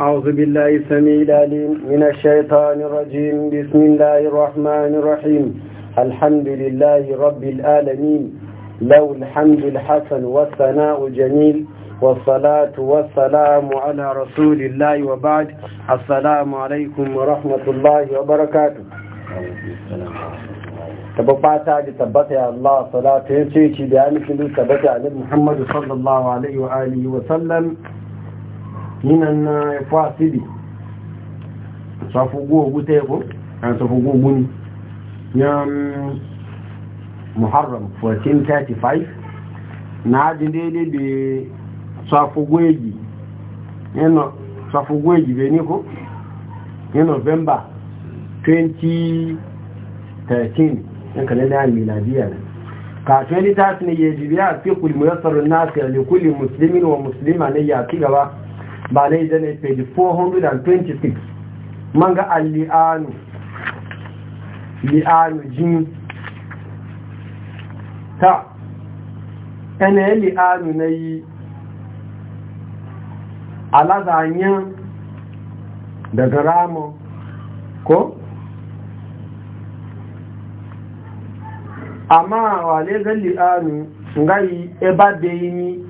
أعوذ بالله السميع العليم من الشيطان الرجيم بسم الله الرحمن الرحيم الحمد لله رب العالمين له الحمد الحسن والثناء الجميل والصلاة والسلام على رسول الله وبعد السلام عليكم ورحمة الله وبركاته تبقى da tabbata ya Allah salatu ya ce ci da ya nufin tabbata a Muhammadu yinan eh, eh, na ẹ̀fọ́ àtìdì sọfúgbó ogún tẹ́ẹ̀kọ́ àti sọfúgbó yan muharram 1435 na adìdẹ́lẹ́ bẹ sọfúgbó èjì nínú sọfúgbó èjì bẹ ní kó november 2013 yan kalẹ́lẹ́ àmìlàdíyà rẹ̀ kàtún ẹni tàbí ni ya jìbí àti kùlùmù yẹ́ sọ̀rọ̀ náà musulmi wa musulmi ne ya ci gaba ba na idan ne page 426 manga a lianu li'anu jini ta ene li'anu na yi alazanyen daga ramon ko? amma wale zan li'anu ngayi eba da yi e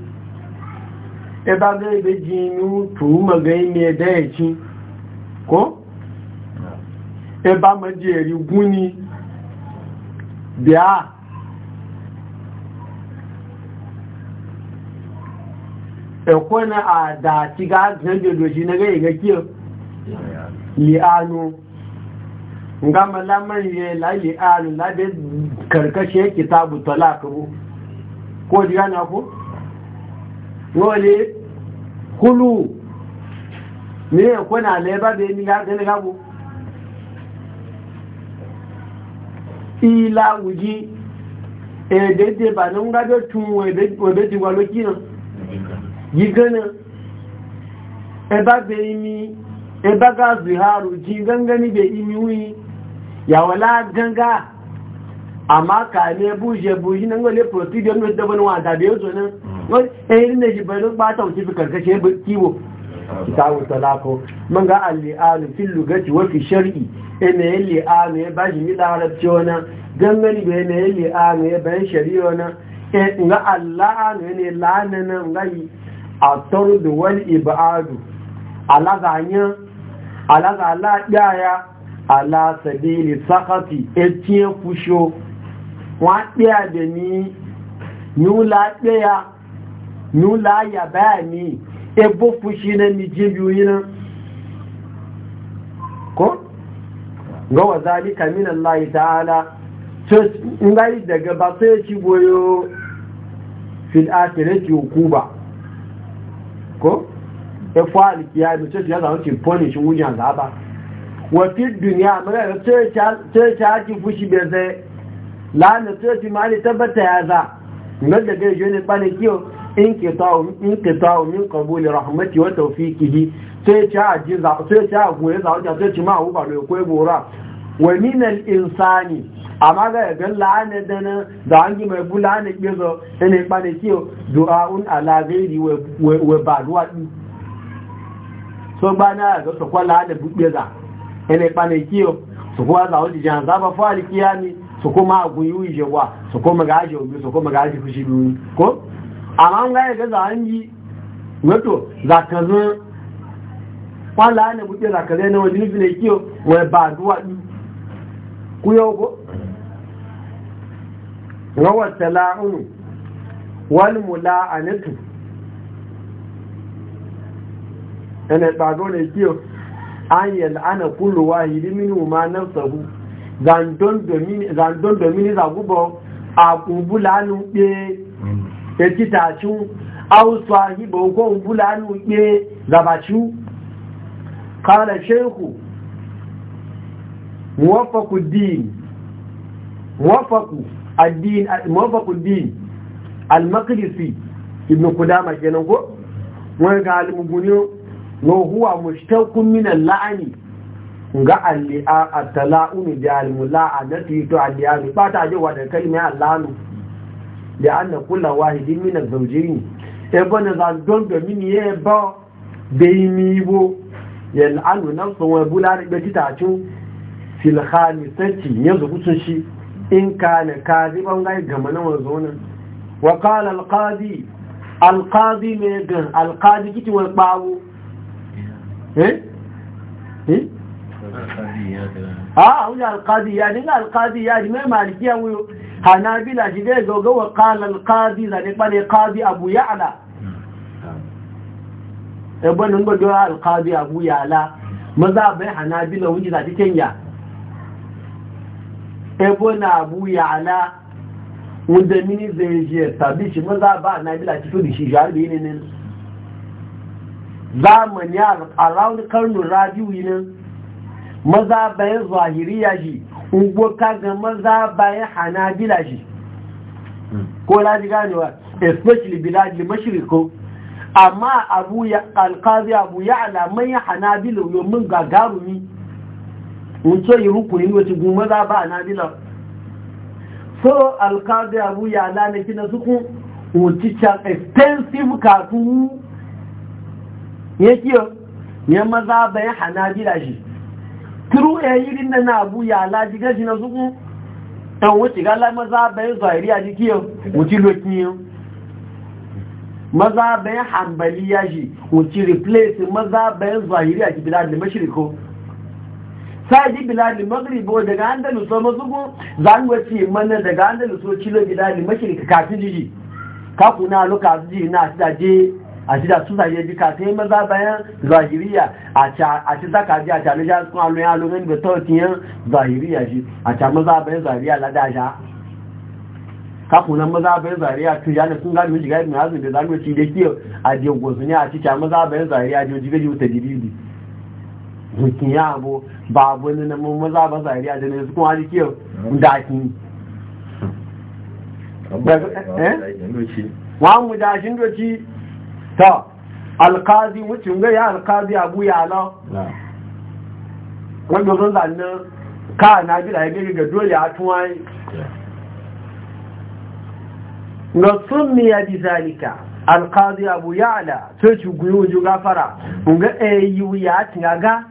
ẹba gẹ́gẹ́ jí inú tùúmọ̀ gẹ́gẹ́ ní ẹ̀dẹ́ ẹ̀kí kó ẹba mọ́jí ẹ̀rí gún ní bíá ẹ̀kọ́ na àdá tí ga gẹ́gẹ́gẹ́gẹ́ sí na gẹ́gẹ́ kí lè ánú nga malamar yẹ láyé àrùn lábẹ́ karkashe kitabu talaka ko jiya na ko? wọ́lé kúlù ní ẹ̀kọ́ náà lẹ́bàbẹ̀ ní gẹ́gẹ́gbò ìlà wùjí wa bà ní ńgájọ́ tún ẹ̀bẹ́ ti wà lókí náà gígánà ẹbábẹ̀ imi ẹbágá zuharu jí gángan be imi wí yàwọ̀lá gángan àmákà ní ẹbú buje yí náà ń gọ́lé prọ̀tídẹ̀ ní ẹjọ́bọ̀ níwọ̀n àdàbẹ̀ ó zo náà ɗayin eh, na shi bai ba ta wuce fi karkashe kiwo kitabu talako man ga al-li'anu fil lugati wa shari'i. ina yin li'anu ya ba shi mida harabci wani gangani bai na yin li'anu ya bayan shari'a wani eh, nga al'anu ya ne la'anana nga yi a da wani ibadu alazanya alaza yaya? ala sabili sakati etiye fusho wa ɗaya da ni yi la'adaya nula ya bayani ebo fushi na miji biyu na ko ga wa zalika min Allah ta'ala ngai daga ba sai ci boyo fil akhirati hukuba ko e fa alkiyami ce ya zama ci punish wunya zaba wa fi dunya mara ce ce ta ci fushi be sai la na ce ci mali tabbata ya za ngal daga je ne bane kiyo inqita'u min qabuli rahmati wa tawfiqihi sai ta ajiza goye za sai ci ma hu ba lo ko bora wa min insani amma ga ga la'ana dana da an mai bulana ke zo ne ba ne kiyo du'aun ala wa ba du'a so ba na ga so kwala da buɗe za ne ba ne kiyo su kuwa za wani jan zaba fa alkiyami su kuma agun yi wa su kuma gaje obi su kuma gaje fushi biyu ko amma ga ga za an yi wato za ka zo kwala ya buke za ka zai na wajen ne kiyo wai ba duwa ɗi ku yau ko rawar tala'unu wal mula'anatu yana ɓago ne kiyo an yal'ana kullu wahidi minhu ma nafsahu zandon domini zandon domini za gubo a kubulanu ɗe ya ci tacu au sahibu ko bulanu kala shehu muwaffaqu din al ibn Kudama, kenan ko ga al-muguni wa huwa mushtaqun ga al-li'a at-tala'un bi al-mula'anati to ba ta wa da kalmar al da an e na kula wahidin minar zaujini ebe na zandon domin ya ebe da yi mibo yal'anu nan sun wani bula da ɓaci tacin filhani sarki ya zuku sun shi in ka na kazi ɓangai gama na wanzo nan wa kala alkazi alkazi mai gan alkazi kiti wani ɓawo eh? eh? A'a wani alkazi ya dinga alkazi ya dinga malikiya wuyo hanabila shi dai gauga wa kala alkazi zane kwane kazi abu ya'ala hmm. ebon nan gauga alkazi abu ya'ala maza bai hanabila wuji ti kenya ebon abu ya'ala wanda mini zai je sabi shi maza ba hanabila ci fi shi jari ne ne zamani a ranar karnin radiyo yi nan maza bayan zahiriya shi ugbo ga maza bayan hanabila shi ko laji ganewa especially bilajin mashiriko amma abu ya alkazi abu ya alamai hanabila yomin gagarumi wuce yi rukunin wata goma maza ba hanabila so alkazi abu ya alamaki na suku wuce can extensive kafin yake ya maza bayan hanabila shi turu ya yi rinna na abu ya laji gashi na suku ɗan wuce gala maza bayan zuwairi a jiki yau wuce lokin yau maza bayan hambali ya shi wuce replace maza bayan zuwairi a kibila da mashiriko saji da magribo daga andalus so za a wace mana daga andalus so cilo da mashirika kafin jiji kakuna lokacin jiji na shi da je a ci da su zaje jika ta yi maza bayan zahiriya a ci zaka ji a cani ja sun alo ya zahiriya shi a bayan zahiriya lada sha kakunan maza bayan zahiriya tun yana sun gano shiga ibn hazin da zanuwa ci da kiyo a jiyan gosu ne a bayan zahiriya jiyo jiga ya abu ba abu ne na maza bayan zahiriya da ne kuma kiyo wọ́n mú dáa ta alkazi wucin ga ya alkazi abu ya na wanda zan zanne ka na bi da yake ga dole ya tuwa ga sun ya bi zalika alkazi abu ya ala sai ci guyu ju gafara ga ayu ya tinga ga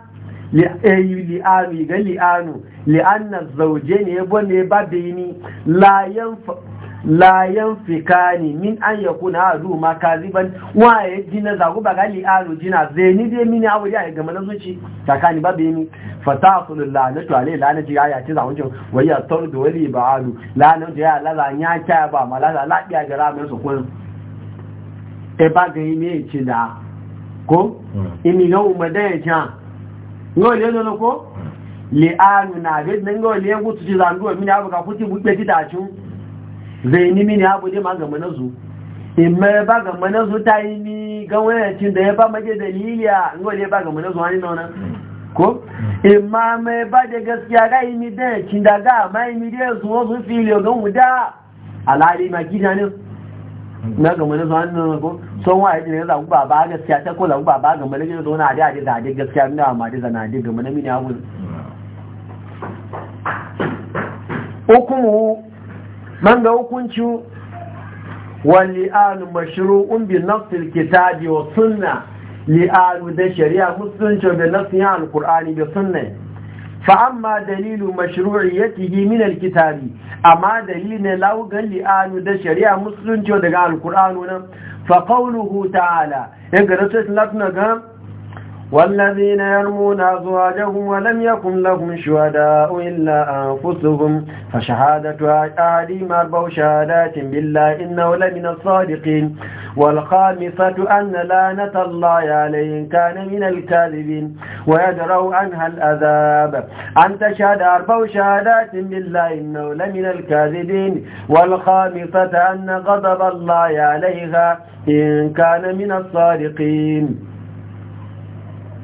ayu li'anu ga li'anu li'anna zawjaini yabone babini la yanfa la yanfikani min an yakuna azu ma kaziban wa ya jina zagu ba gali alu jina zeni dai mini awuri ya ga manan zuci takani babu yimi fatasul lanatu alai lanati ya ci zawun jin wa ya tardu wali ba'alu lanatu ya la zanya kya ba malala la biya gara mai su kun e ba ga yimi ci da ko hmm. imi ga umada ya ja ngole no ko hmm. li alu na ga ngole gutu ci zanduwa mini abuka kuti buɗe ti dacin zai ni mini abu ne ma gama na zu in ma ba gama na zu ta yi ni gan wayancin da ya ba maje daliliya in wani ya ba gama na zu hannu na ko in ma mai ba da gaskiya ga yi ni da cin da ga ma yi ni da ya zuwa su fili gan wuda alhali ma gida ne na gama na zu hannu na ko son wa yi ne zagu ba ba gaskiya ta ko zagu ba ba gama na gina zo na da adi da adi gaskiya na ma da zana adi gama na mini abu hukumu Manga ga hukunci wali'anu mashru'un bi nafsil kitabi wa sunna li'anu da shari'a musulunci bi nafsin alqur'ani bi sunna fa amma dalilu yi min alkitabi amma dalilin laugan li'anu da shari'a musulunci daga alqur'anu na, fa qawluhu ta'ala in e ga rasul lafna ga والذين يرمون أزواجهم ولم يكن لهم شهداء إلا أنفسهم فشهادة أحدهم أربع شهادات بالله إنه لمن الصادقين والخامسة أن لعنة الله عليه كان من الكاذبين ويدروا عنها الأذاب أن تشهد أربع شهادات بالله إنه لمن الكاذبين والخامسة أن غضب الله عليها إن كان من الصادقين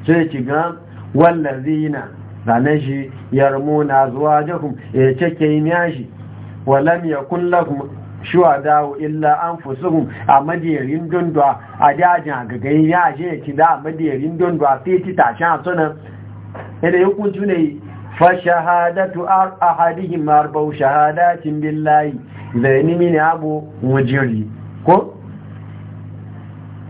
Zai ki ga wallazina zane shi na zuwa jakum ya e cike miya shi walam ya kulla shi wa dawo illa an fusuhun a madiyarin dundwa a dajin a gagayi ya ce ki da a madiyarin dundwa sai ti tashin a sunan ina yi kuntu ne fa shahadatu a hadihin marbau shahadatin billahi zai nimi ne abu mujiri ko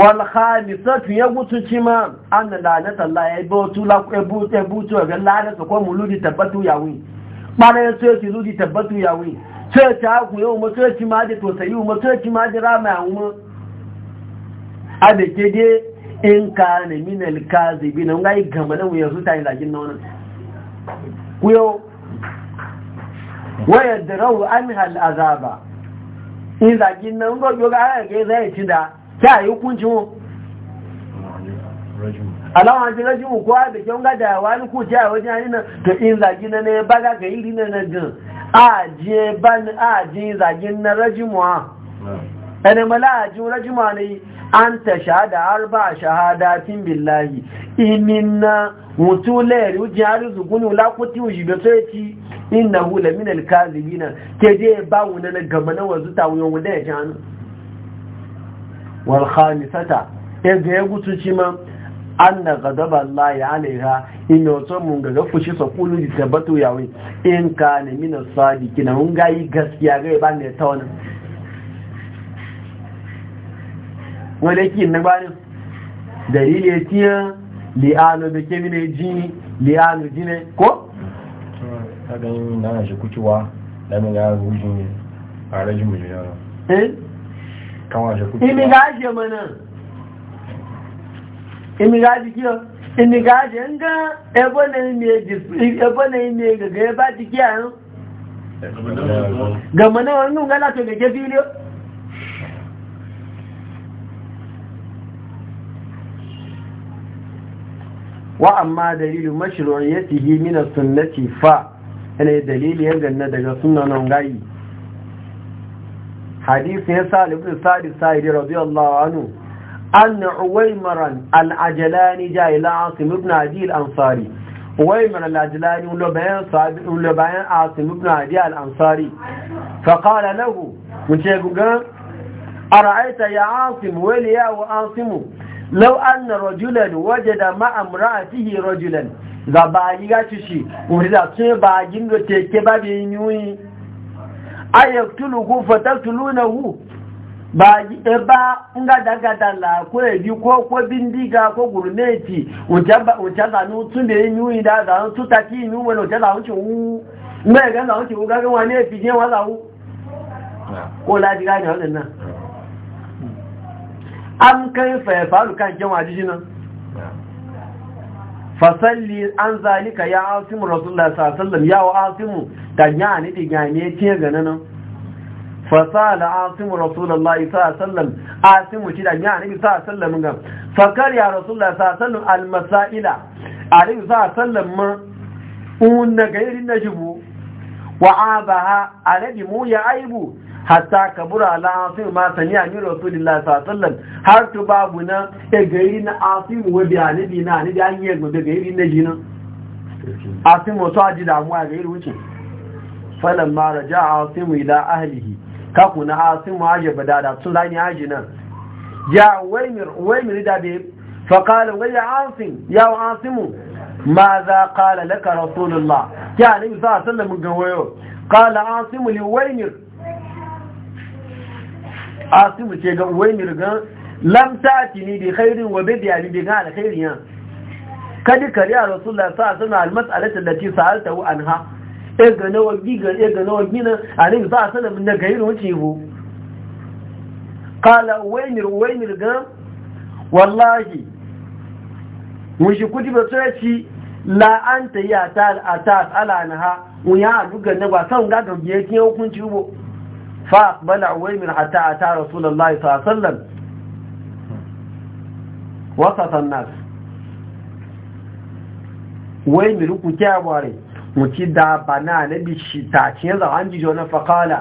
wal khamisatu ya gutuci ma an lanata Allah ya bautu la ku ebutu ebutu ga lanata ko muludi tabbatu yawi bare ya sai ki ludi tabbatu yawi sai ta ku yau mu sai ki ma da to sai mu sai ki ma da rama yau mu a da ke in ka ne min al kazibin ngai gama da wuya su ta yi lakin nan ku yau wa yadrau anha al azaba in lakin nan ga ga zai ci da ta yi hukuncin wọn alawan jin rajin kuwa da kyan gada wani ku ja wajen hannun nan to in zagi na ne ba ga yi na na gan a je ban a je zagin na rajin wa ɗan mala a jin rajin wa ne an ta shahada arba shahadatin billahi imin na mutu layari ujin hari zuguni ulakuti uji da so yaci inna hula min alkazibi na ke je ba wunan gaba na wanzu ta wuyan wuda ya ji hannun wal khamisata e ga ya gutuci ma anna ghadaba Allah ya alaiha in wato mun ga fushi sa kulu di tabbatu wai in ka ne min na mun ga yi gaskiya ga ba ne ta wannan wale ki na bani dalili ya tiya li'anu da ke mine jini li'anu jini ko? ta ganin na shi kucewa da mun ga rujin a rajin miliyan eh imigaje mana imigaje kiyo imigaje nga ebo na ime gaga eba ti kiya yau gama na wani nga lati gaje filiyo wa amma dalilu mashiroyatihi min as-sunnati fa ina dalili yanga daga sunnanon gayi hadisi ya sa ibn sa'id sa'idi radiyallahu anhu an uwaymaran al-ajlani ja ila asim ibn adi al-ansari uwaymar al-ajlani lo bayan sabi lo bayan asim ibn adi al-ansari fa qala لو أن رجلا وجد مع امرأته رجلا ذا باجي غاتشي وذا تشي باجين دو تيكي ayaktuluhu fataktulunahu ba e ba ngadagada la ko ebi ko ko bindiga ko gurmeti ujaba ujaza nu tunde nyu ida da tutaki nyu wona ujaza unchi u ga na unchi u ga ga wani ebi je wala u ko la diga ni holen am kan e, fa e, fa kan je wa fasalli an zalika ya asimu rasulullah sallallahu ya wa asimu tanya ne da ne ce ga nan fasala asimu rasulullah sallallahu asimu ci da a ne sallallahu ga fakar ya rasulullah sallallahu almasaila alayhi sallallahu un na gairin najibu wa abaha alabi mu ya aibu hatta kabura ala asir ma sani yi rasulillah sallallahu alaihi wasallam har to babu na e gari na asir wa bi anabi na ni an yi gbe gari na jina asir mo so aji a gari wuce falan ma raja asir ila ahlihi ka kuna asir ma aje da tun zani aji nan ya waymir waymir da be فقال ويا عاصم يا عاصم ماذا قال لك رسول الله يعني صلى الله عليه وسلم قال li waymir asibu ce ga uwai mirgan lamta ne bi khairin wa bidiya ni bi ga alkhairin ya kadi kari a rasulullah sa sana almas'alatu allati wa anha e ga nawa giga e ga nawa gina alim sa sana min ga irin wuce bu qala uwaymir uwai mirgan wallahi ba kutiba ci la anta ya ta ta ala anha unya duga na ba san ga ga biye kin hukunci bu فأقبل عويمر حتى أتى رسول الله صلى الله عليه وسلم وسط الناس ويمر كتابوري متدى نبي بشتا تنزع عندي جونا فقال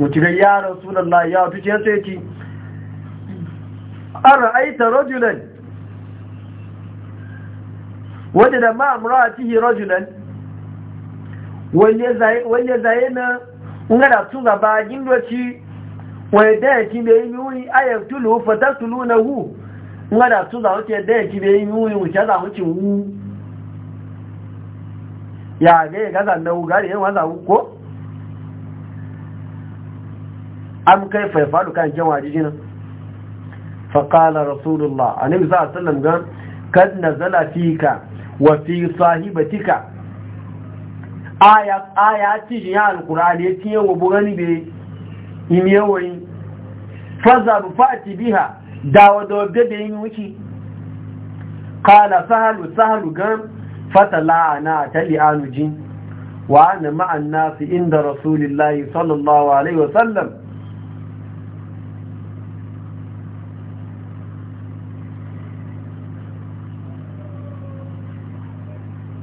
متدى يا رسول الله يا تجين سيتي أرأيت رجلا وجد ما امرأته رجلا وليزعينا وليزعي ngada gaba jin gindoci wai da ki da yi yuni ayar tulu fatar tulu na hu ngada tunga wuce da ki da yi yuni wuce za mu cin hu ya ga ya gaza na wugari yin hu ko an kai faifalu kan jan wajijina faƙala rasulullah a nemi za a sallam gan kad nazala fika wa fi sahibatika aya aya ti ya alqur'ani ti yawo bugani be imiyawo yi bu fati biha dawo do bebe yin wuki kala sahalu sahalu a tali anu jin wa ana ma'an nasi inda rasulillahi sallallahu alaihi wasallam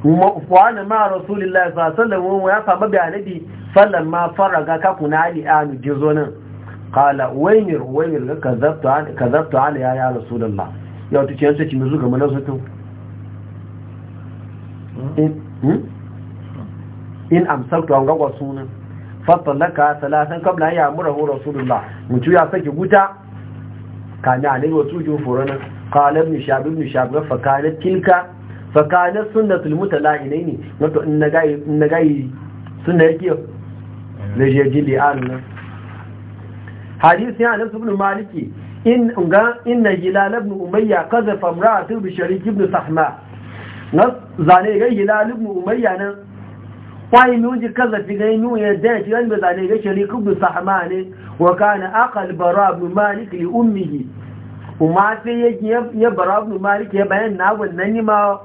wani ma rasulillah sallallahu alaihi ya samu da nabi sallan ma faraga kaku na ali anu jizo nan kala waymir waymir ga kazabtu an kazabtu an ya ya rasulullah yau tuke yanzu ki muzu ga mana zuto in hmm? amsaktu an gagwa sunan ka salatan kabla ya hu rasulullah mutu ya sake guta kana ne wato jin furana Kala ibn shab ibn shab fa kana tilka fakanar sunnatul mutala'inai ne wato in na gayi sunna yake da jeji li'an nan hadisi ya nasu ibn maliki in ga inna hilal ibn umayya qadhafa imra'atu bi sharik ibn sahma nas zane ga hilal ibn umayya nan kwai mu ji kazafi ga mu ya da shi wanda zane ga sharik ibn sahma ne wa kana aqal bara ibn malik li ummihi kuma sai ya bara ibn malik ya bayan na wannan ni ma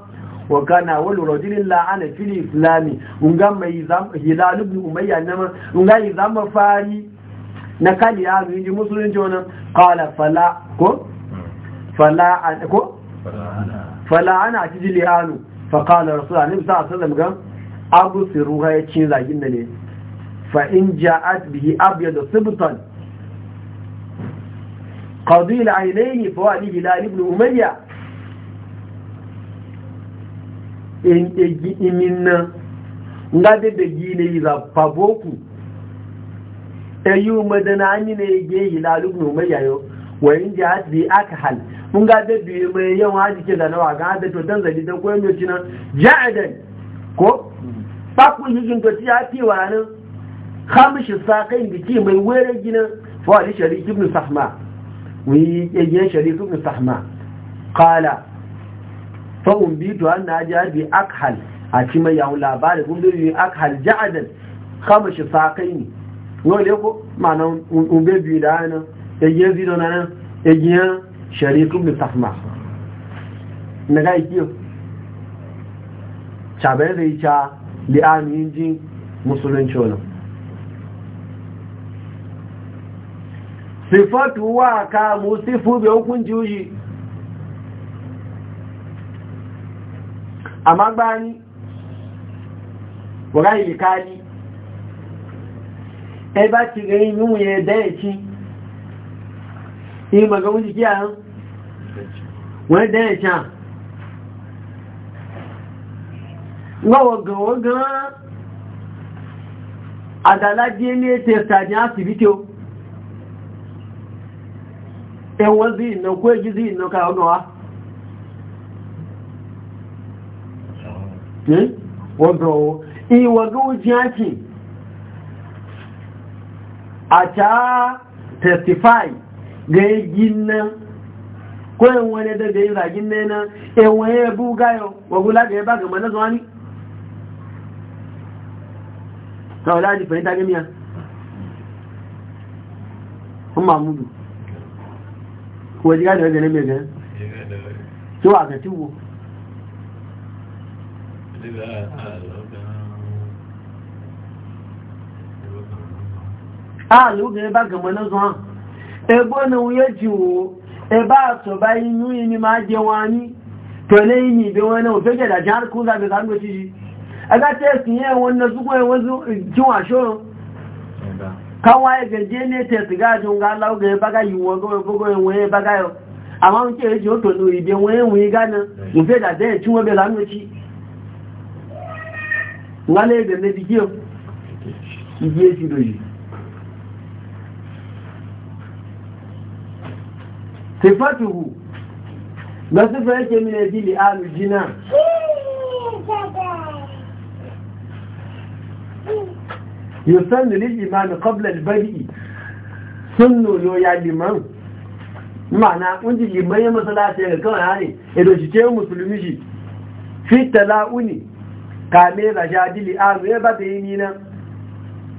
wa kana wal rajulin la'ana fil islami unga mai zam hilal ibn umayya nama unga yi zama fari na kali ya zo inji musulunci wannan qala fala ko fala an ko fala ana tijili anu fa qala rasul annabi sallallahu alaihi wasallam gam abu siruha ya cin zagin da ne fa in ja'at bihi abyad sibtan qadil aynayhi fa wa hilal ibn umayya in egi imin na nga de de gi ne za paboku ayu e madana ani ne ge hilalu no mai yayo wa in ji hadi aka hal mun ga da mai yawan haji ke da wa ga da to dan zali dan koyon yoci nan ja'adan ko ba ku yi jin to ya fi wa nan khamish saqain biki mai were gina fa ali sharif ibn sahma wi e yayin sharif ibn sahma qala fahun bitu an na jabi akhal a ci mai yawon labari kun zai yi akhal ja'adar kama shi sakai ne ne ko mana umbe biyu da hannun egiyar zido na nan egiyar sharikun mutafma na ga ikiyo cabai zai ca li'amin jin musulunci wani sifatu wa ka musifu bai hukunci wuji amma gbani wọ́n yìí ká ní ẹ ti rí inú yẹn dẹ́ẹ̀kí ní gbogbo wọ́n ti kí àrùn wọ́n dẹ́ẹ̀kí à lọ́wọ́ gànwọ́ gan-an àdàlájé ní wa. Eh? wọ́gbọ̀n o ìwọ̀gbọ̀n ó jẹ́ àti àtà ga ko wani da da yi ragin na yana ewon ya bu gayo wagula ga ya ba ga mana zuwa ni ta wala ààlù ah, gẹ̀rẹ́ bá gẹ̀mọ̀ ne zọ́n ẹgbọ́n na wúyé jì wò ẹbá àtọ̀bá inú ìní máa jẹ wọn ní pẹ̀lú ìní ìbẹ̀ wọn náà òfẹ́ jẹ̀dà jẹ́ àrùkú lábẹ̀ sáré ti yìí ẹgbá tẹ́ẹ̀sì náà súnmọ́ ẹwọ́n tí wọ́n àṣọ́rọ̀ Wale da na bigiyo bigiye shi doji sifatuhu na sifa yake mina dili alu jina يسن للإيمان قبل البدء sunnu yo ya liman ma'ana kunji liman ya masalaci ga kawai hane ya doshi ce musulmi shi fi tala'uni kame da jadili a zuwa ba ta yi nina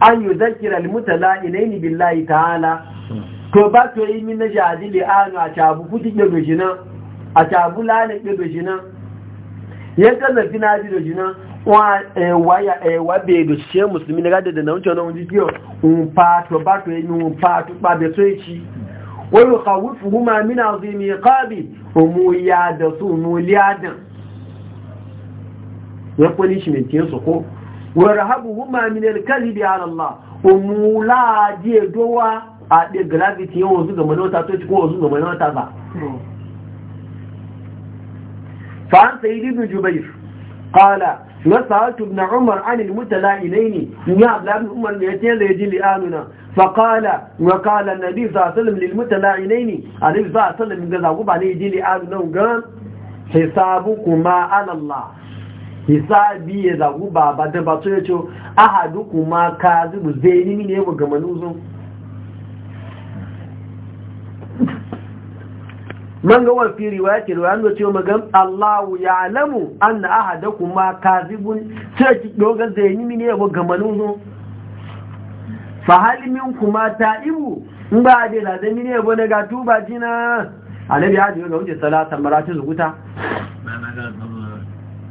an yi zakirar mutala layi ta ta'ala to ba to yi min na jadili a a cabu kudi ke doji nan a cabu lana ke doji nan ya kaza fina ji doji nan wa e, e, bai doji ce musulmi na gada da na wuce na wuce biyo un fa to ba to yi min fa to ba bai so yi ci wani kawufu huma min azumi kabi umu ya da su liyadan ya punishment يا soko wa rahabuhuma min al-kadhibi ala Allah umula je gravity yawon su ga manota to ko su ga manota ba fa an sayyid ibn jubair ابن عمر عن المتلائمين يا عبد ابن عمر يتين يجي لآمنا فقال وقال النبي صلى الله عليه وسلم الله عليه الصلاة والسلام قال أبو عليه يجي لآمنا وقال حسابكما على الله hisabi ya zagu ba ba da ba to yace ahadu kuma ka zubu zai nimi ne ga manuzun man ga wal fi riwayati riwayan da cewa magan Allahu ya ya'lamu anna ahadakum ma kazibun sai ki doga zai nimi ne ga manuzun fa hal minkum ma ta'ibu in ba da da mini ne ga tuba jina annabi ya ji ga wuce salatan maratu zuguta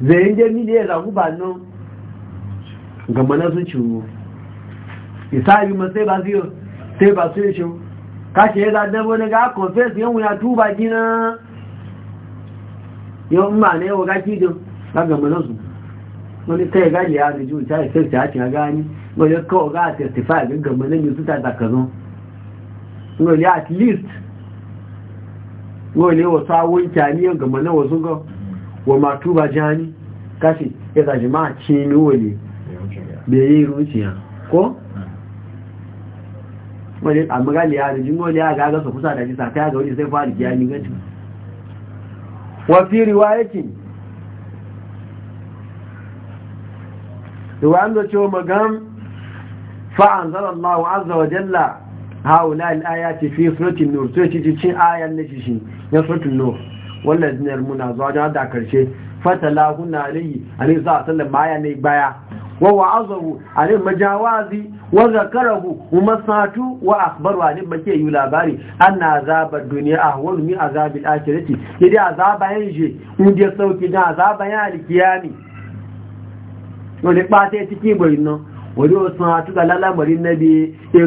zai je mini ya zagu ba nan gama na sun ciwo isa yi ma sai ba su yi sai ba su yi shi kashe ya zaɗa wani ga confess yan wuya tuba gina yau ma na yau ga kijin ga gama na su wani kai gaji ya riju ta yi sai ta ce gani wani kawo ga 35 ga gama na yusu ta zakazon wani at least wani wasu awon kyaniyan gama na wasu ga wa matu ba jani kashi ya zaji ma ce ni wale da ya yi ruciya ko? wani amurali ya rijin wale ya gaga gasa kusa da jisa ta ga wani sai fara giya ni gaci wafi riwayatin riwayan da cewa magam fa'an zarar mawa azza wa jalla haula ce fi sunatun nur sai cikin ayan na shi na sunatun nur wannan na zuwa da karshe fatala huna alayhi alayhi sallallahu alaihi ne baya wa wa'azahu alayhi majawazi wa zakarahu Satu, wa akhbaru alayhi bake yi labari anna azabad dunya ahwal min azabil akhirati yadi azaba yanje inda sauki da azaba ya alkiyami wani pate tiki boyin nan, wani wasu hatu ga lalamarin nabi ya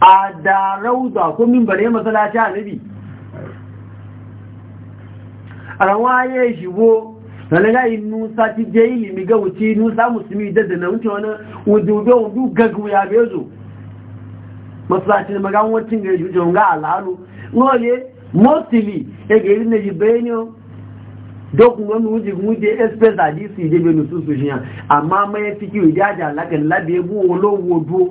a da rauza ko mimbare masalaci ya yi shigo sanaga inu sati je ilimi ga wuce inu sa musulmi da da na wuce wani wududo wudu gagu ya bezo masalaci na magan wacin ga jujjon ga alalu nwoye mostly e ga irin na jibenio dokun wani wuce wuce express adisi je benusu su shi amma mai fiki wujaja lagan labe bu olowo do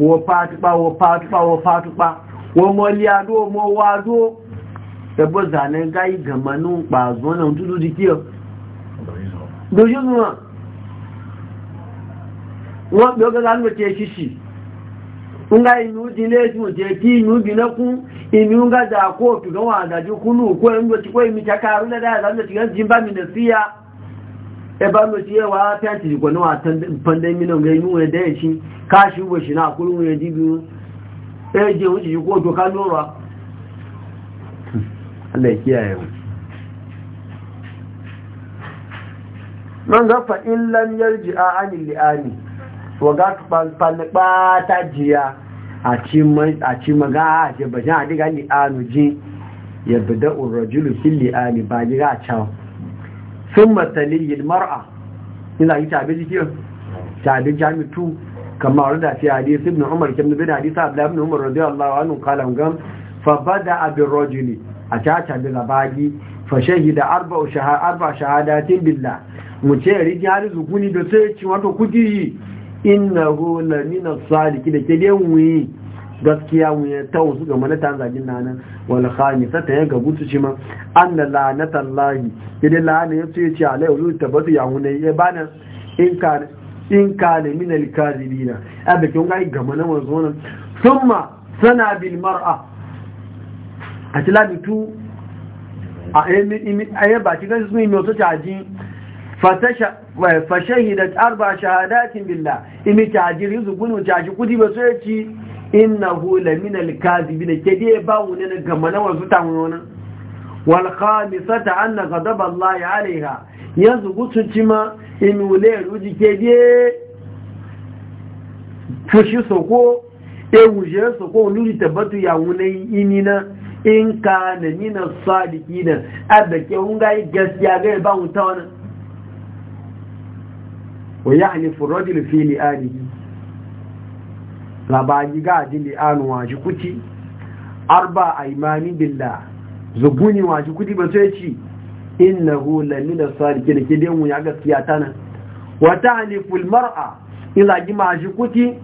wọ́pátúpá wọ́pátúpá wọ́pátúpá wọ́n mọ́lé adó ọmọ wá adó ẹgbọ́ zànà gáyì gàmà ní pa àzọ́nà òtútù di kí ọ lójú náà wọ́n gbé ọgọ́gá ní ọ̀tẹ́ ṣíṣì ńgá inú ti lé tí mo tẹ́ kí inú gbiná kún inú ń gájà kóòtù lọ́wọ́ àdájú kúnnù kó ẹgbẹ́ ti kó èmi ṣakáàrú siya. ebe e no ci yawa ta ci ko no atan pandan mino ga mu ne da chi, ka shi wo shi na kulun ne dibi e je wuci ko to ka nora Allah ya kiyaye mu man ga fa in lam yarji'a anil li'ani wa ga panpa ta jiya a ci a ci maga a je bajan a diga li'anu ji yabda'u rajulu fil li'ani ba diga a cawo ثم تلي المرأة إلا هي تعبير كيف تعبير جامع تو كما ورد في حديث ابن عمر كم نبين حديث عبد الله بن عمر رضي الله عنه قال هم فبدأ بالرجل أتاتا بالأباقي فشهد أربع, شها أربع شهادات بالله مجھے رجال زكوني دوسيتش وانتو كتي إنه لمن الصالحين كده كده وي gaskiya mu ya tawo su ga manata zagin nan wal khamisa ta ya gabu su cima anna la'nata allahi idan la'ana ya ce ce alai ulu tabatu ya hune ya bana in ka in ka ne min al kadibina abe kun ga ga mana wanzo nan thumma sana bil mar'a atilami tu a ayi ba ki ga su mi to caji fashahidat arba shahadatin billah imi tajiri zubunu caji kudi ba so ya innahu lamina alkazibin kede ba wani na gama na wasu tawonan wal khamisata anna ghadaba allahi alaiha yanzu gutunci in wule ruji kede fushi soko e wuje soko luri tabbatu ya wunai inina in ka na nina sadiki na abake hunga gaskiya ga ba wuta wannan wa yahlifu rajul fi liadihi labari ga adili anu waji kuti arba aimani biLla. zuguni waji kuti ba sai ci innahu lamina ke kide mu ya gaskiya tana wa ta'lifu almar'a ila jima ji kuti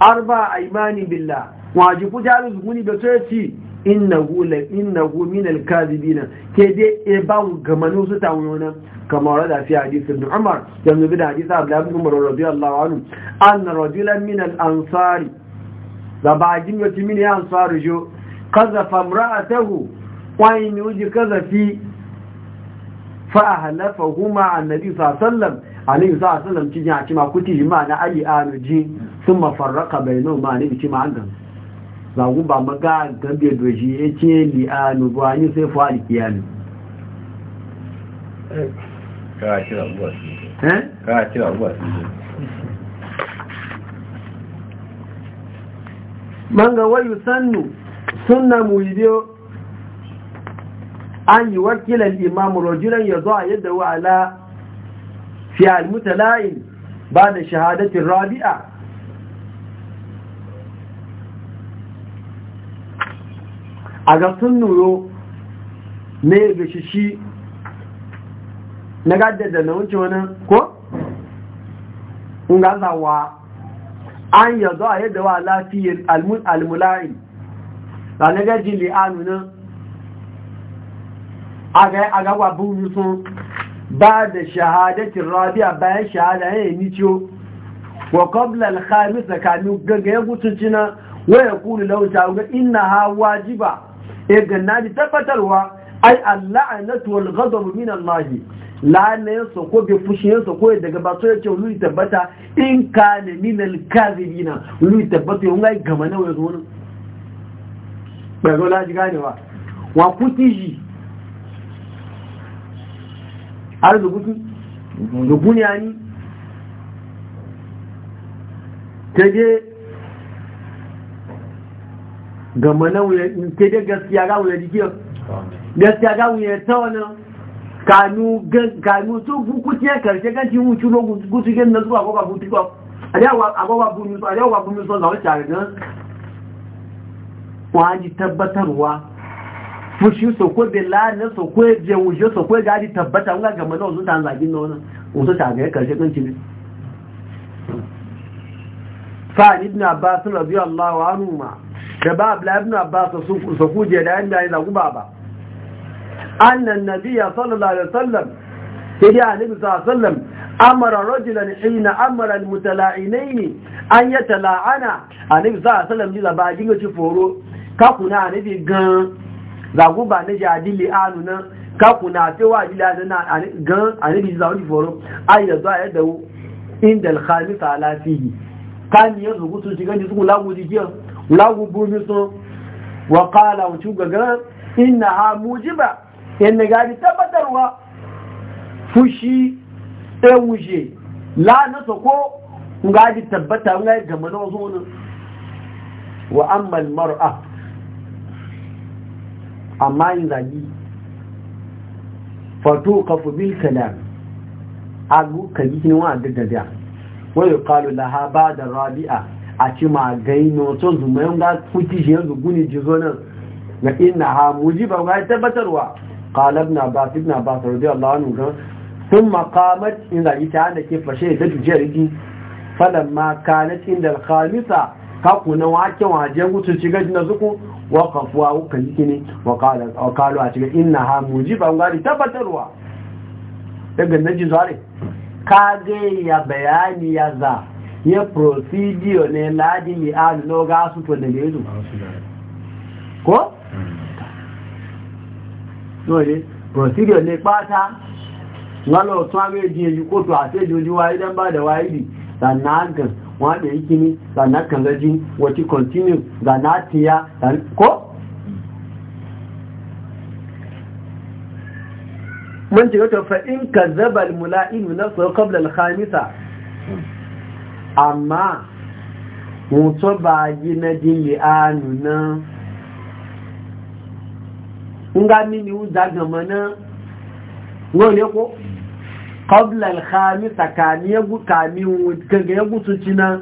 arba aimani biLla. waji kuti zuguni ba sai ci innahu la innahu min al kadibina ke dai e ba mu gamanu su ta wona kamar da fi hadith ibn umar dan bi da hadith abdullah ibn umar radiyallahu anhu anna rajulan min al-ansari da ba jin wati min ansar jo qazafa imra'atahu wa in yuji qazafi fa ahlafahuma an-nabi sallallahu alaihi wasallam alaihi sallallahu alaihi wasallam kin ya ci ma kuti ma na ali anuji thumma farraqa bainahuma ne bi an ma zagu ba maka gabe doji ya e ce li'anu ba ni sai fa alkiyami ka ka ci abuwa su eh? manga wayu sannu sunna mujibiyo an yi wakilan imamu rojiran ya zo a yadda wa ala fi al-mutala'in ba da shahadatin rabi'a a gasar sun nuro na ya gashi shi na da na wuce wani ko? ngazawa an yanzu a yadda wa lafiyar almulayi ba na gaji li'anu nan a gagwa buru sun ba da shahadatin rabia bayan shahada ya yi nicho wa kobla alhamis da kamin gaggayen cina waya kuli lauta ga ina ha wajiba e ganna ji tabbatarwa ai alla'anatu wal ghadab min Allah la'anan sa ko bi fushin sa ko daga ba so yace wani tabbata in ka kana min al kadhibina wani tabbata yau ngai gama na wayo wani ba ga laji gane wa wa kutiji har rubutu rubuni ani tage gama na ke da gaskiya ga wuya jikiyar gaskiya ga wuya ta wani kanu su kukuci ya karshe ganci wucu no gusu gen na zuwa agwagwa buti ba agwagwa buni su agwagwa buni su zawon shagagan wani tabbatarwa fushi so ko bela na so ko je wuje so ko gadi tabbata nga gama na wasu ta zagin na wani wasu shagagan karshe ganci ne fa ibn abbas radiyallahu anhu da ba abdullahi abbas sun kursa kuje da yan yayi zagu baba annan nabiyya sallallahu alaihi wasallam sai ya nabi sallallahu alaihi wasallam amara rajulan hina amara almutala'inain an yatala'ana annabi sallallahu alaihi wasallam ji ba jinga ci foro ka kuna annabi gan zagu ba ne jadili anu nan ka kuna fi wa jila na gan annabi zagu ci foro ayya zuwa yadda inda al-khamisa ala fihi kan yanzu gutu shiga ni su lagu jiya lagu bumi sun wa kala wuce gagara ina ha ba. yana gari tabbatarwa fushi ɗaya wuce la na sako gadi tabbata ngai gama na wasu wani wa Amal mar'a amma yin zagi fato kafu bil kalam agu kaji kini wa da wai qalu laha ba da rabi'a a ci ma gaino to zuma yan ga kuki shi yanzu guni jizo nan ga ina ha ba ga tabbatarwa qala ibn na ibn abbas Allah anhu ga sun makamar inda ita hana ke fashe da Falon ma kanat inda al-khamisa kaku na wake waje ci gaji na zuku wa kafuwa uka yake ne wa qala wa qalu a cikin Ina ha mujiba ga tabbatarwa daga naji ne ka ya bayani ya za ya procedure ne ladi mi alu na ga su to da ne ko hmm. no ye procedure ne pata ngalo tun awe di eju ko to ase joju wa idan ba da wa idi sannan kan wa da yiki ni sannan kan zaji wati continue ga natiya ko mun ji wato fa in kazzaba al mula'inu nafsahu qabla al khamisa amma mutu ba yi na dili anu na nga mini uza gama na wani ko qabla al-khamis ya yagu kami kaga ya su cina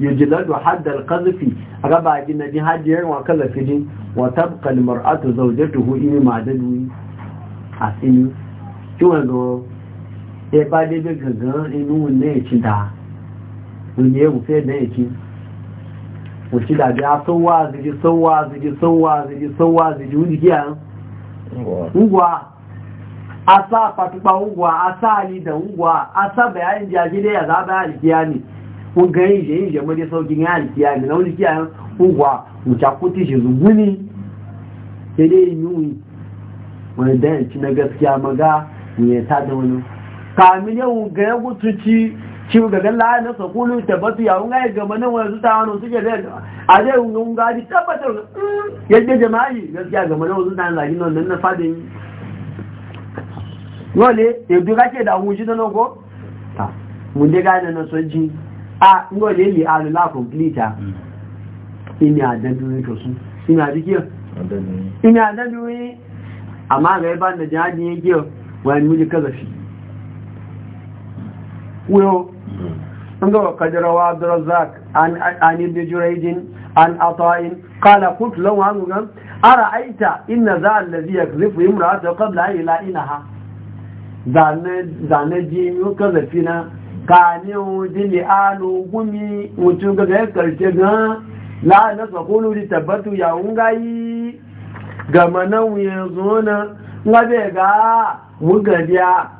yujladu hadd al-qazfi aga ba yi na ji, hadiyar wa kala fidin wa tabqa al-mar'atu zawjatuhu in ma dadu asini kiwon go e ba de gangan inu ya ci da. duniya gufe na yake wuce da biya sauwa ziji sauwa ziji sauwa ziji sauwa ziji wuni giya ugwa a sa fatuba ugwa a sa ali da ugwa a sa bayanin jaji da ya zaɓa alikiya ne kun ga yin jayin jama da saukin ya alikiya ne na wuni giya ugwa wuce kuti shi zuguni sai dai yi yi wani dayanci na gaskiya maga ne ta da wani kamin yau ga ya gutuci shi ga la'ayi na sakulu tabbatu ya wunga ya gama nan wani ta wani suke zai a zai wunga wunga di tabbatar mm, yadda jama'i gaskiya gama nan zuta wani zagi nan na fadin wale ya duka ke da hunji na nago mun dai gane na soji a wale ne a lula completa ina dan duniya to su ina jikiya ina dan amma ga da yake wani kazafi Well, عند وقد روى عبد الرزاق عن عن ابن جريج عن عطاء قال قلت له عنه أرأيت إن ذا الذي يقذف امرأته قبل أن يلائنها zane ji nuka zafina ka ne wujin li'alu gumi mutum ga ya karshe gan la'ana sakonu da tabbatu ya wungayi ga manan wuyan zona nga bai ga wuga biya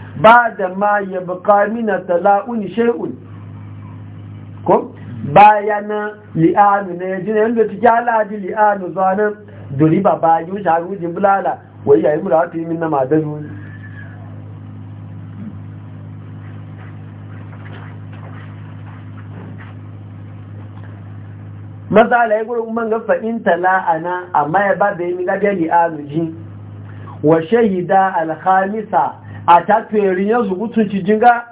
ba da ma ya buka mina tala'uni shai'un ko bayana li'anu na yaji na yadda ciki alaji li'anu zanen duriba ba yi wuce har wuce bulala wai yayi mura hatu yi min na madaru matsala ya gurin man gafa in tala'ana amma ya ba da yi mi gabe li'anu ji wa shahida alhamisa a zubu yanzu ci jinga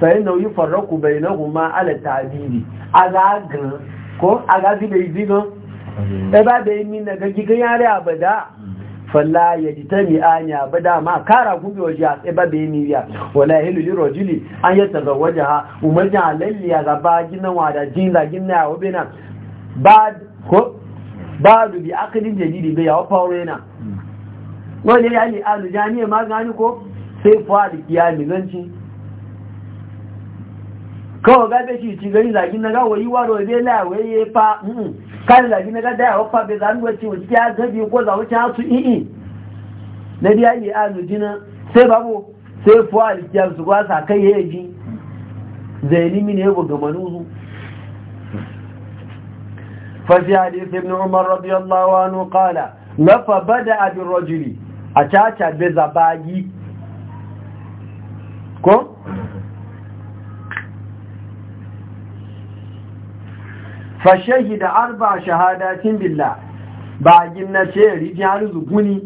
sai nauyi farraku bai na kuma ala tabiri a zagan ko a gafi da izigan ɗai e ba da yi min daga gigan yare abada falla ya ji ta mi'ani abada ma kara gube waje a tsaye ba da yi miliya wala hilu liro juli an yi taga waje ha umarjin halalli a gaba gina wada jin zagin na yawo na ba dubi akalin jadidi bai yawo faure na wani ya yi jami'a ma gani ko sai faɗi ya nizanci kawo gaɓe shi ci gani zagin na gawo yi waro zai laiwe ya fa mm Kan zagin na gada ya wafa bai zanen wacce wacce ya zabi ko zama ci hasu ii na biya yi a nujina sai babu sai fuwa alikiya su gwasa kai ya ji zai nimi ne yau ga manuzu fashi hadis ibn umar radiyallahu anu kala lafa bada abin rajuli a caca bai zabagi ko fa da arba shahadatin billah ba gina ce riji har zuguni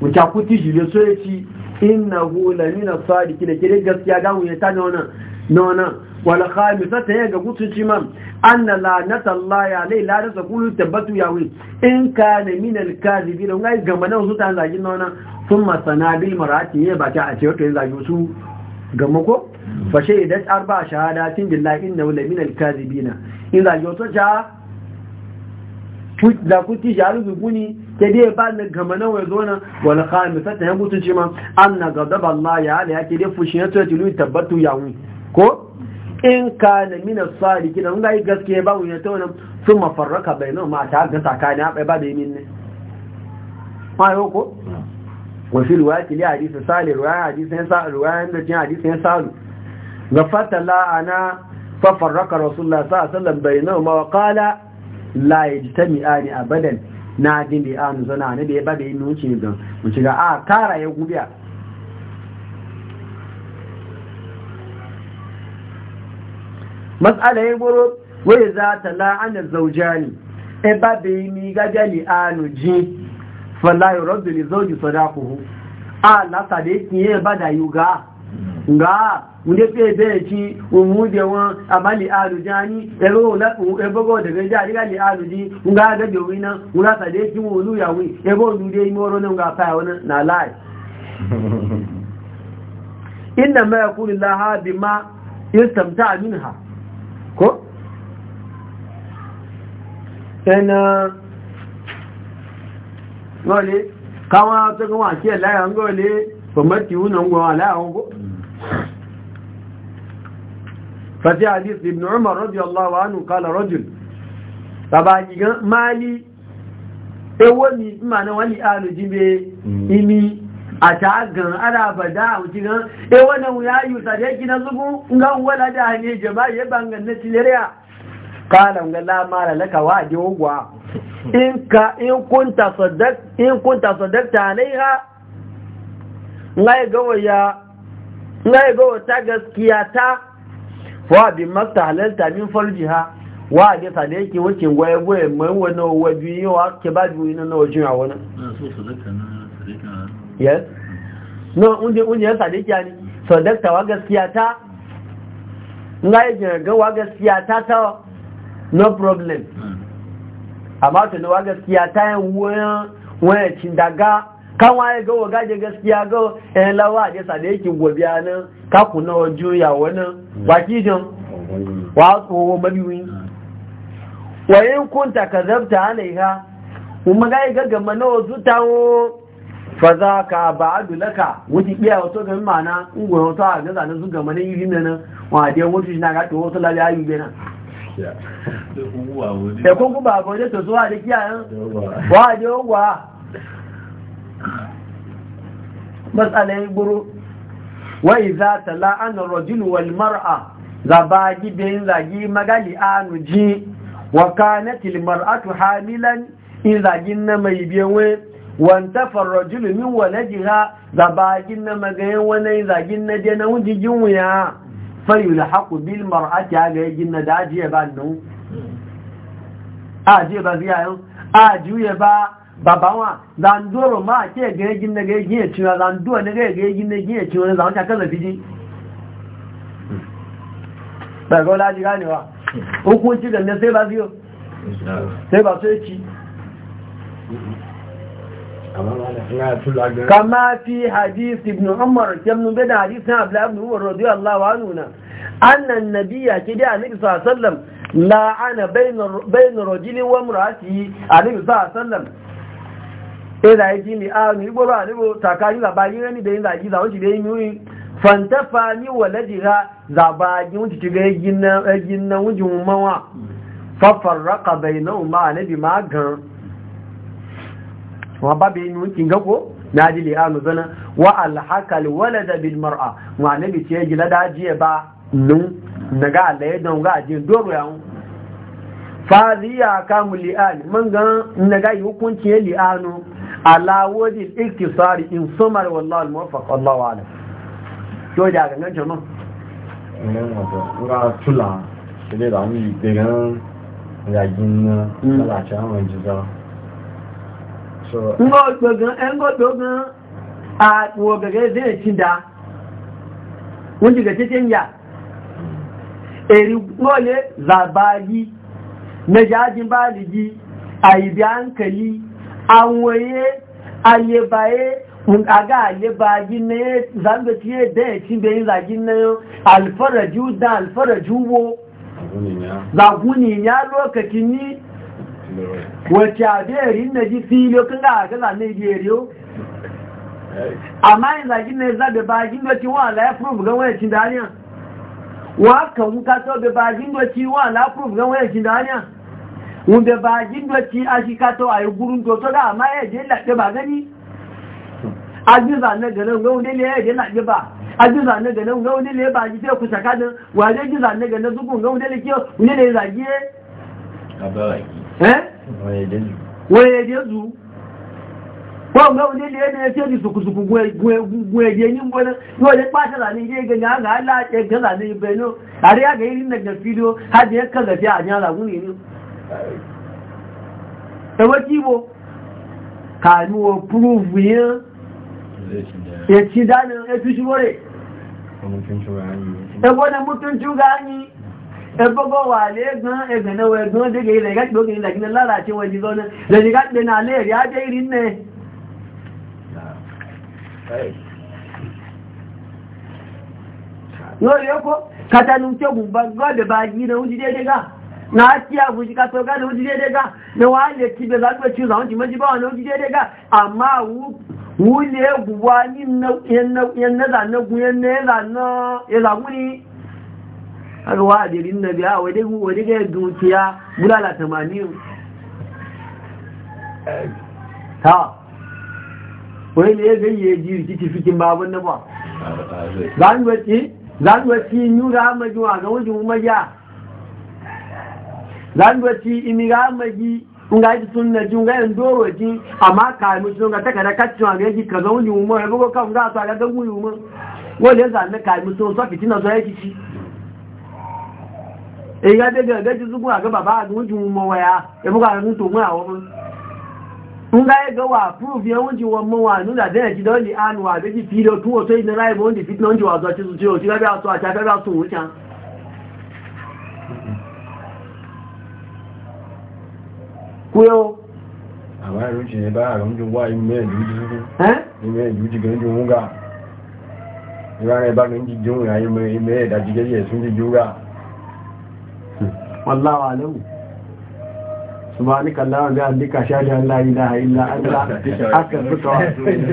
wuta kuti jile so ya ci inna nuna da kire gaskiya gawo ya ta nona nona wal khamisa ta yaga gutuci man anna la natallahi alai la da zakulu tabbatu yawi in kana min al kadibin ngai gamana su ta zagi nona thumma sanabil marati ya ba ta a ce to zagi su gamako ko fa shaidat arba shahadatin billahi innahu la min al-kadhibina in da yoto ja da kuti jaru zuguni ke dai ba na gama na wazo na wal khamisata ya mutunci ma anna ghadab Allah ya ala ke dai fushi na tuci tabbatu ya mu ko in kana min as-salikin an ga gaskiya ba wuya ta wannan sun mafarraka bainahu ma ta ga bai ba da yimin ne ma wasu ruwaki li hadisi sali ruwayan hadisin sa'u ruwayan da cin hadisin sa'u ga fatala ana fafarraka rasulullah sallallahu alaihi wasallam bainahuma wa qala la a badan na jin da an zana na da ya bada yi nuci don mu ci ga a kara ya gubiya mas'ala ya goro wai za ta la'anar zaujani e yi ni gajali anu jin falla yuraddu li zawji sadaquhu ala tade kiye bada yuga nga munde pe ebe ji umude won amali alujani ero ebogo de ga li nga ga nan wina nga tade ki wo lu yawi ebo lu de na nga faya wani na lai inda ma yaqulu laha bima yastamta minha ko ena ngọ́lé káwọn atọ́gbọ́n àti ẹ̀láyà ń gọ́lé pọ̀mọ́tí ìwúnà ń gbọ́n aláyà ń gọ́ fàtí àdís ibn umar rọ́dí aláwọ̀ ánù kálà rọ́dìl bàbá àjígan máa ní ni ma mm. na wani alùjíbe imi àtàgàn alábàdá àwùjígan ewó na wuyayu sàdẹ́kì na zugun ń gá wọ́lá dáa ní jẹba yẹ bangan na tileriya kala ga lamara laka wa ji in ka in kunta sadak in kunta sadakta alaiha ngai e gawa ya ngai e gawa ta gaskiya ta wa bi makta halalta min farjiha wa ga sale yake wace gwaye gwaye mai wani yi yawa ke ba biyu na wajin a wani yes no unje unje ya sale ki ani sadakta wa gaskiya ta ngai e ga wa gaskiya ta ta no problem amma tuni wa gaskiya ta yin wayan wayan cin daga kan waye ga waga je gaskiya ga ɗan eh, lawa je sa da yake gobiya nan ka kuna wa juya wani waki jin wa tsoho mabiwi wayan kunta ka zabta alaiha kuma ga yi gaggama na wasu tawo faza ka ba adu laka wuce iya wato ga mana ungoyon wato a gaza na su gama yi rinna nan wa dai wasu shi na ga to wasu lalai ayu bena ẹ̀kún kú kuma ọjọ́ tó wà ní kí àyán wà ní ó wà mọ́sàlẹ̀ ìgboro wọ́n ìzá tàlá ánà rọ̀júlù wàlmọ́ra zàbá jíbẹ̀ ń zàgí magali ánù jí wàká nẹ́tìlmọ̀rá hamilan ìzàgí na mai biyanwe wanta farrajulu min walajiha zàbá jí na magayen wani zàgí na jẹ́ na wujijin wuya fayyula haku bil mar'ati ga yajin na da ajiye ba nan ajiye ba ziyayen ajiye ba babawa zandoro ma ke ga yajin na ga yajin ya ciwo zandoro na ga na ga yajin na zawon kakar zafi ji daga wala ji ganewa hukunci da sai ba ziyo sai ba sai Kamafi, fi hadith ibn umar kemnu bada hadisin abdullahi ibn umar radiyallahu anhu na annan nabiyya ke da annabi sallallahu alaihi wasallam la'ana bayna rajulin wa imra'atihi annabi sallallahu alaihi wasallam ila eh, yi ni a ah, ni gboro annabi ah, takari labari rani da yin zagi za wuce da yin yi fantafa ni waladiha zabagi wuce ci ga yin nan wujin mawa fafarraka bainahuma annabi ma gan wa babu yin wukin gago na ji anu zana wa alhakal walada bil mar'a wa nabi ce gila da ji ba nun daga da ya don ga ajiye doro fa ziya kamu li'an man ga naga yi hukunci ya anu ala wadi iktisari in sumar wallahi al-muwaffaq Allahu a'lam to da ga nan jama'a nan wato ga tula sai da mu yi daga yayin na mm. lalacewa mai jizawa ngọ́gbọ̀gán ẹgbọ́gbọ̀gán àwọ̀gẹ̀gẹ̀ zai ci da wọ́n jìgà títí yà eri ngọ́lẹ̀ zàbáyí mẹjájín bá lìgí àìbí àǹkàlí àwọ̀yẹ ayébáyé aga ayébáyí na yẹ zambaci yẹ dẹ̀ tí bẹ̀yìn zàjí na yọ alfaraju da alfaraju wo zaguniya ni wacce abin na ji filo kan ga aka zane geriyo amma yin zagin na zaɓe bagin doci wa la ya furu gan wayancin daniya wa kan wuka to be bagin doci wa la furu gan wayancin hanyar? wun be bagin doci a shi ka to a yi gurin to to da amma ya e je laɗe ba gani ajiza na ganin ga wani ne ya e je laɗe ba ajiza na ganin ga wani ne ba ji sai ku sakanin wa je ajiza na ganin zugun ga wani ne ke wani ne zagi ne wẹ̀yẹ̀dẹ́zù wọ́n gbá wọlé ilé ẹni ẹ̀ṣẹ́ ìsùkùsùkù gwẹ̀ẹ̀dẹ́ ní mbọ́nà yóò lè pàṣẹ́lá ilé gẹ̀gẹ̀ tí wo kàánú wọ púrúfù ẹgbọ́gbọ́ wà lé gan ẹgbẹ̀nẹ́wọ̀ ẹgbọ́n dégé ilẹ̀ ìgájìgbógin ilẹ̀ gínà lára àti wọ́n jízọ́ lẹ́yìn gájìgbé náà lè rí ajé ìrìn nẹ́ yóò rí ọkọ́ kátánú tẹ́gùn bá gọ́ọ̀dẹ̀ bá yí náà ó dédé gá náà tí àbújí ká tó gánà dédé gá ni wọ́n á lè ti bẹ̀ lágbẹ̀ tí ìlànà ti mọ́jú bá wọn ó dédé gá àmá wúlé gùn wá ní ẹnẹ́zà náà gùn ẹnẹ́zà náà ẹ̀zà gún ni har wa ajirin na biya wadda ga dukiya bulala tamanin ta wani ne ya gayye ji rikici fikin babu na ba yi nura magi wa ga wajen umarya zanuwaci imira magi nga ji sun na jin gayan doro ji amma ka mu sun ga kada kacin wa ga ji ka zaune umar ga ko kan ga sa ga dangu umar wani ya zanna ka yi sun so fitina so yake ci èyí adégbé ẹ̀gẹ́ ti súnkún àgbé bàbá àgbọn jù mọ́ wọ ya ẹ̀fúnkà àgbọn tó mọ́ àwọn ń gáyé gọ́wà proof yẹn wọ́n ti wọ́n mọ́ wà nígbà dẹ́rẹ̀ ti dọ́ọ̀lì àánú àbẹ́jì fi lọ tún òṣèlú ìnira ìbò ń di fitna ń jù àzọ ti sùn tí ó ti fẹ́ bá sọ àti afẹ́ bá sùn ó ṣan. kú yóò. àbá ìlú ti bá ju ju ju wallahu alamu subhanaka allahumma bihamdika ashhadu an la ilaha illa a astaghfiruka wa atubu